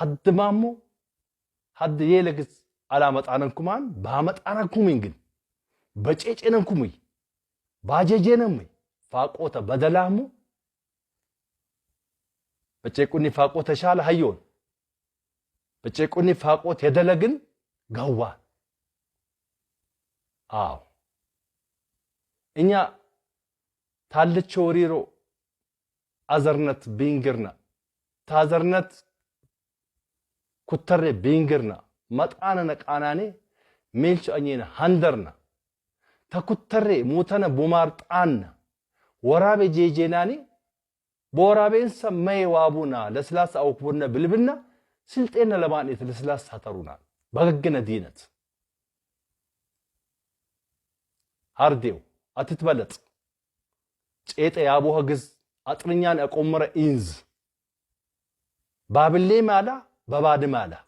ሀድማሞ ሀድ የለግስ አላመጣነንኩማን ባመጣነኩምኝ ግን በጨጨነንኩምይ ባጀጀነምይ ፋቆተ በደላሙ በጨቁኒ ፋቆተ ሻለ ሀዮን በጨቁኒ ፋቆት የደለግን ገዋ አዎ እኛ ታልቾ ወሪሮ አዘርነት ቢንግርና ታዘርነት kutarre bingirna maxaana na qaanaane meelchu anyeena handarna ta kutarre muutana bumaar xaanna waraabe jeejeenaani በወራቤንሰ መይዋቡና ለስላሳ አውክቡነ ብልብና ስልጤነ ለማኔት ለስላሳ ተሩና በገግነ ዲነት ሃርዴው አትትበለጥ ጬጠ ያቦ ህግዝ አጥርኛን አቆምረ ኢንዝ ባብሌ ማላ በባድማ ላይ